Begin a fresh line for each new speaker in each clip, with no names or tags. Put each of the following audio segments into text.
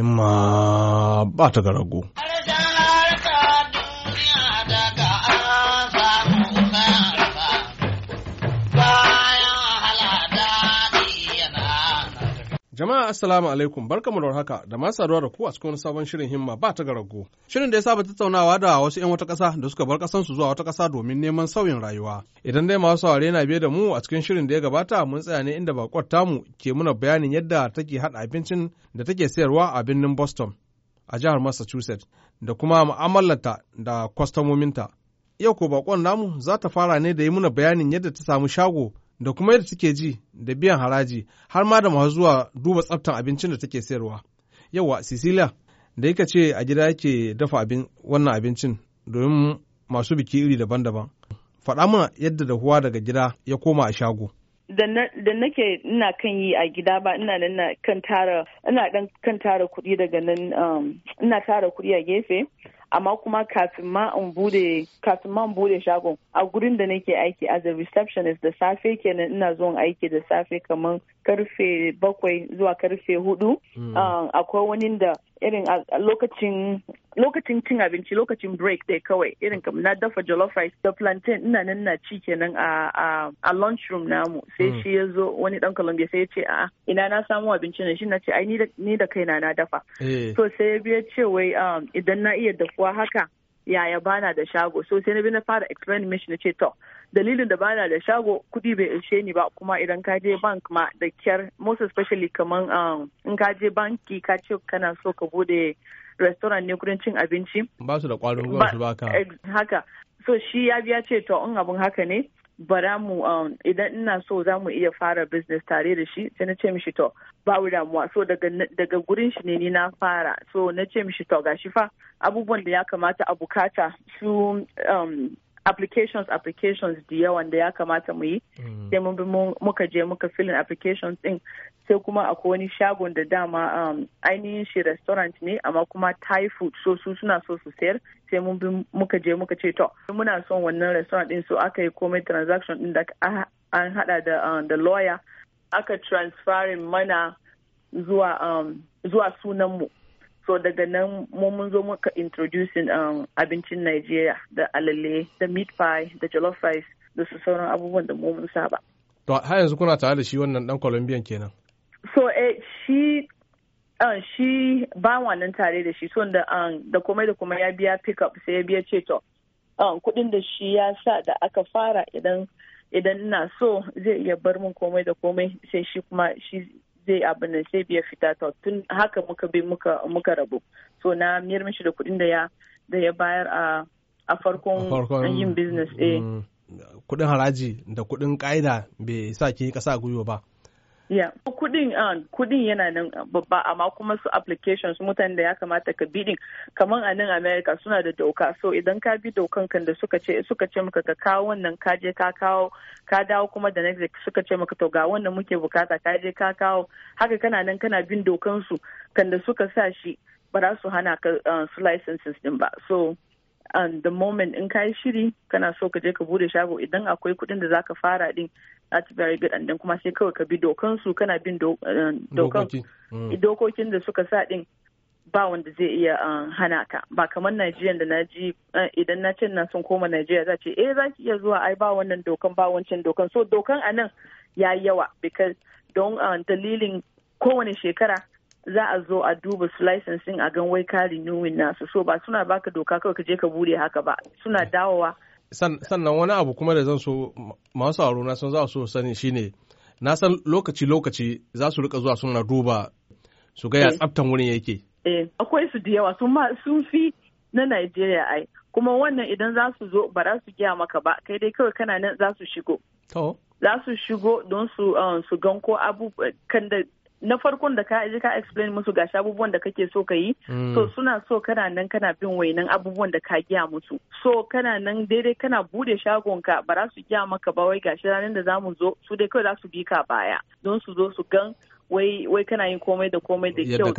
in ma ba ta ga rago. Jama'a Assalamu alaikum barkamu da haka da ma saduwa da ku a cikin sabon shirin himma ba ta garago. Shirin da ya saba tattaunawa da wasu 'yan wata kasa da suka bar ƙasansu zuwa wata ƙasa domin neman sauyin rayuwa. Idan dai masu saurare na biye da mu a cikin shirin da ya gabata mun tsaya ne inda bakwar tamu ke muna bayanin yadda take haɗa abincin da take sayarwa a birnin Boston a jihar Massachusetts da kuma mu'amalarta da kwastomominta. Yau ko bakon namu za ta fara ne da yi muna bayanin yadda ta samu shago da kuma yadda suke ji da biyan haraji har ma da masu zuwa duba tsaftan abincin da take sayarwa. Yawa Cecilia da yake ce a gida yake dafa abin wannan abincin domin masu biki iri daban-daban. Faɗa mana yadda dahuwa daga gida ya koma a shago.
da nake ina kan yi a gida ba ina nan kan tara ina dan kan tara kuɗi daga nan um, ina tara kuɗi a gefe amma kuma kafin ma in bude shagon a gurin da nake aiki as a receptionist da safe kenan ina zuwan aiki da safe kamar karfe bakwai zuwa karfe hudu hmm. ah, akwai wani da irin lokacin lokacin cin abinci lokacin break dai kawai irin kam na dafa jollof rice da plantain ina nan na ci kenan a a lunch room namu sai mm. shi ya zo wani dan Colombia sai ya ce a ina na samu abincin ne shi na ce ai ni da kaina na dafa eh. to sai ya biya ce wai um, idan na iya dafuwa haka yaya bana da shago so sai na bi na fara explain mishi na ce to dalilin da bana da shago kudi bai ishe ni ba kuma idan ka je bank ma da kyar most especially kaman um, in ka je banki ka ce kana so ka bude restaurant ne kudin cin abinci
ba su da kwarin gwiwa su baka
haka so shi ya biya ce to in abin haka ne bara mu um, idan ina so za mu iya fara business tare da shi sai na ce mishi to babu damuwa so daga gurin shi ne ni na fara so na ce mishi to gashi fa abubuwan da ya kamata a bukata su um, applications applications da yawa da ya kamata mu yi mm. sai mun bi muka je muka filin applications din sai kuma akwai wani shagon da dama um, ainihin shi restaurant ne amma kuma thai food so su suna so su sayar sai mun bi muka je muka ce to muna son wannan restaurant din so aka yi komai transaction din da an hada da uh, da lawyer aka transferin mana zuwa um, zuwa sunan mu so daga nan mun zo muka introducing um, abincin Najeriya da alale da meat pie da jollof rice da su sauran abubuwan da mun saba.
To har yanzu kuna tare da shi wannan dan Colombian kenan.
So eh shi uh, shi ba wannan tare da shi so da um, da komai da kuma ya biya pick up sai ya biya ce to um, kuɗin da shi ya sa da aka fara idan idan ina so zai iya bar min komai da komai sai shi kuma shi zai abu ne sai biya fita ta tun haka muka bi muka muka rabu so na miyar mishi da kuɗin da ya da ya bayar a a farkon yin business eh mm,
kuɗin haraji da kuɗin ƙa'ida bai sa ki ƙasa gwiwa ba
Yeah. Kudin uh, kudin yana nan babba amma kuma su applications mutane da ya kamata ka bidin kamar a nan America suna da doka so idan ka bi dokan kan da suka ce suka ce maka ka kawo wannan ka je ka kawo ka dawo kuma da next suka ce maka to ga wannan muke bukata ka je ka kawo haka kana nan kana bin dokan su kan da suka sa shi ba za su hana ka uh, su licenses din ba so and um, the moment in kai shiri kana so ka je ka bude shago idan akwai kudin da zaka fara din that's very good and then kuma sai kawai ka bi dokan su kana bin uh, mm. dokokin da suka sa din ba wanda zai iya uh, hana ka ba kamar Najeriya da naji uh, idan na ce na sun koma Najeriya za ce eh za ki iya zuwa ai ba wannan dokan ba wancan dokan so dokan a nan ya yawa because don dalilin kowane shekara za a zo a duba su licensing a gan wai ka renewing nasu so ba suna baka doka kawai ka je ka bude haka ba suna dawowa
sannan wani abu kuma da zan so masu aro na sun za su sani shine na san lokaci lokaci za su rika zuwa suna duba su gaya tsabtan eh. tsaftan wurin yake
eh akwai su da yawa sun fi na Najeriya ai kuma wannan idan za su zo ba za su gaya maka ba kai dai kawai kana nan za su shigo za su shigo don su um, gan ko kan da na farkon da ka je ka explain musu gashi abubuwan da kake so ka yi hmm. so suna so kana nan kana bin wainan abubuwan da ka giya musu so kana nan daidai kana bude shagon ka ba za su giya maka ba wai gashi ranar da zamu zo su dai kawai za su bi ka baya don su zo su gan wai kana yin komai da komai da kyau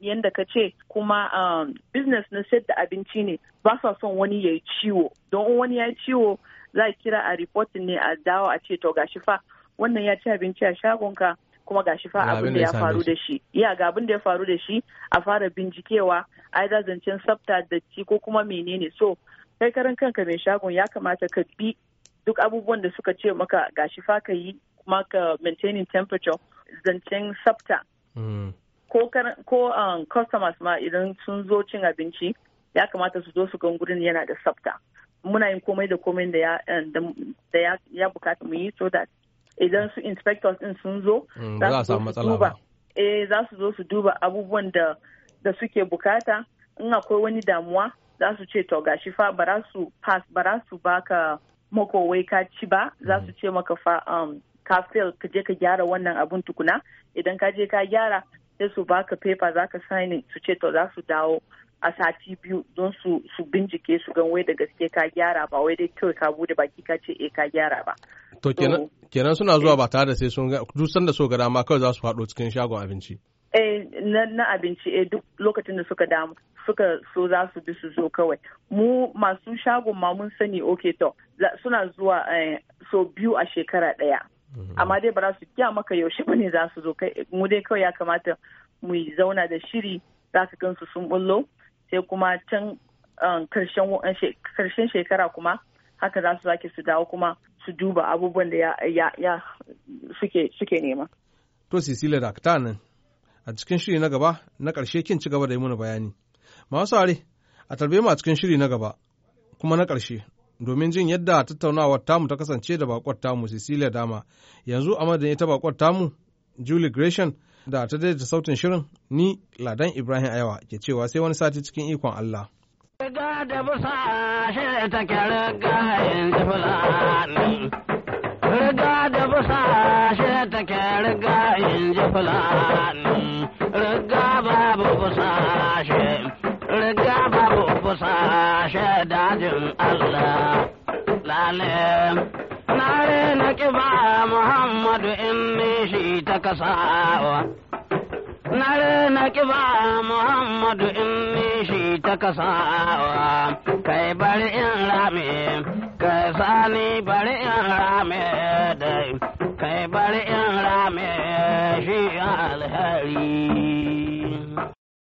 yadda ka ce kuma um, business na sayar da abinci ne ba sa son wani ya yi ciwo don wani ya yi ciwo za a kira a report ne a dawo a ce to gashi fa wannan ya ci abinci a shagonka kuma gashi fa abin da ya faru da shi ya ga abin da ya faru da shi a fara bincikewa aida zancen tsafta da ci ko kuma menene so kai karan kanka mai shagon ya kamata ka bi duk abubuwan da suka ce maka gashi fa ka yi kuma ka maintaining temperature zancen tsafta hmm. ko ko um, customers ma idan sun zo cin abinci ya kamata su zo su gan gurin yana da tsafta muna yin komai da komai da ya um, bukata mu yi so that idan su inspectors din sun zo mm, eh, za su zo su duba abubuwan da suke bukata in akwai wani damuwa za su ce to gashi fa bara su pass bara su baka mako wai ka ci ba za su mm. ce maka fa um, ka fail ka je ka gyara wannan abun tukuna idan ka je ka gyara sai su baka paper za ka signing su ce to za su dawo a sati biyu don su bincike su gan wai da gaske ka gyara ba wai dai kawai ka bude baki ka ce eh ka gyara ba
to kenan suna zuwa eh. ba tare da sai sun ga duk sanda so ga dama kawai za su faɗo cikin shagon abinci
eh na abinci eh duk lokacin da suka damu suka so za su bi su zo kawai mu masu shagon ma mun sani okay to suna zuwa eh, so biyu a shekara ɗaya mhm. amma dai ba za su kiya maka yaushe ba ne za su zo mu dai kawai ya kamata mu zauna da shiri za ka gansu sun bullo sai kuma can um, um, karshen shekara kuma haka za su sake su dawo kuma su duba abubuwan da ya suke nema.
To Cecilia da nan a cikin shiri na gaba na karshe kin ci gaba da yi mana bayani. Masu are a tarbe mu a cikin shiri na gaba kuma na karshe domin jin yadda tattaunawar tamu ta kasance da bakwar tamu Cecilia Dama yanzu a madadin ita bakwar tamu Julie Gresham Da ta daidaita sautin shirin ni Ladan Ibrahim Ayawa ke cewa sai wani sati cikin ikon Allah.
Riga da busa shi
ta kyara gayen Riga da busa shi Riga babu busa shi. Riga babu busa shi dajin Allah. Lalim. ƙiba Muhammadu in shi ta kasawa. Na rena ƙiba Muhammadu in shi ta kasawa. Kai bari in rame, kai sani bari in rame dai, kai bari in rame shi alheri.